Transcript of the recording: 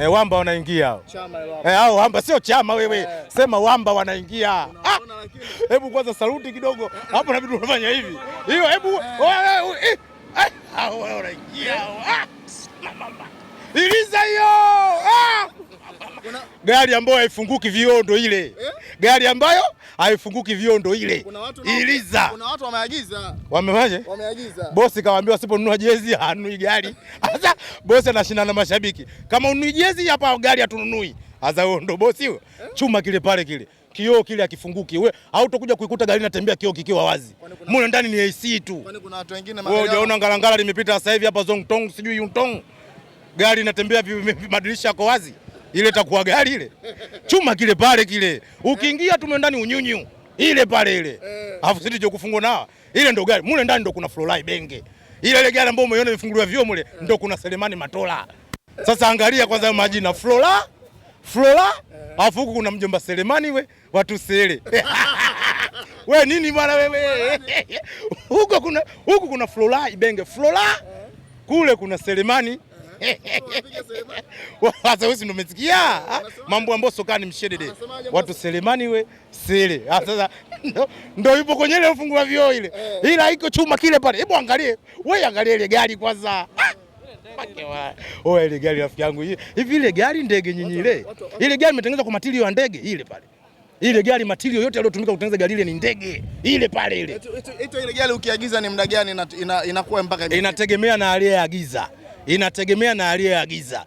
Eh, wamba wanaingia hao. au eh, wamba sio chama wewe e. Sema wamba wanaingia. Ah! Hebu ah! Kwanza saluti kidogo hapo nabidi unafanya hivi hiyo, hebu eh. wanaingia ah! iliza hiyo ah! gari ambayo haifunguki viondo ile gari ambayo haifunguki viondo ile iliza. Kuna watu wameagiza, wamefanya Wameagiza, bosi kawaambia asiponunua jezi hanunui gari. Sasa bosi anashinda na mashabiki, kama ununui jezi hapa gari hatununui. Sasa huyo ndo bosi huyo, eh? chuma kile pale kile kioo kile akifunguki, wewe hautokuja kuikuta gari inatembea kioo kikiwa wazi, mule ndani ni AC tu. Wewe unaona ngalangala limepita sasa hivi hapa Zongtong, sijui Yuntong, gari natembea, madirisha yako wazi ile takuwa gari ile chuma kile pale kile, ukiingia tume ndani unyunyu ile pale ile, eh. alafu sisi je kufungwa na ile ndo gari mule ndani ndo kuna Florai Benge ile ile gari ambayo umeiona imefunguliwa vioo mule eh. ndo kuna Selemani Matola. Sasa angalia kwanza majina Flora Flora, eh. alafu huku kuna mjomba Selemani we watu sele we nini bwana wewe huko kuna huku kuna Florai Benge Flora, kule kuna Selemani sasa wewe ndio umesikia mambo ambayo sokani mshedede watu selemani we sele. Sasa ndio yupo kwenye ile fungu la vioo ile, eh. ila iko chuma kile pale. Hebu angalie wewe, angalie ile gari kwanza Oya, eh. ile gari rafiki yangu hivi, ile gari ndege nyinyi, ile ile gari imetengenezwa kwa matirio ya ndege ile pale. Ile gari matirio yote yaliyotumika kutengeneza gari ile ni ndege ile pale ile. Ito, Ile gari ukiagiza ni muda gani inakuwa mpaka inategemea na aliyeagiza inategemea na aliyeagiza.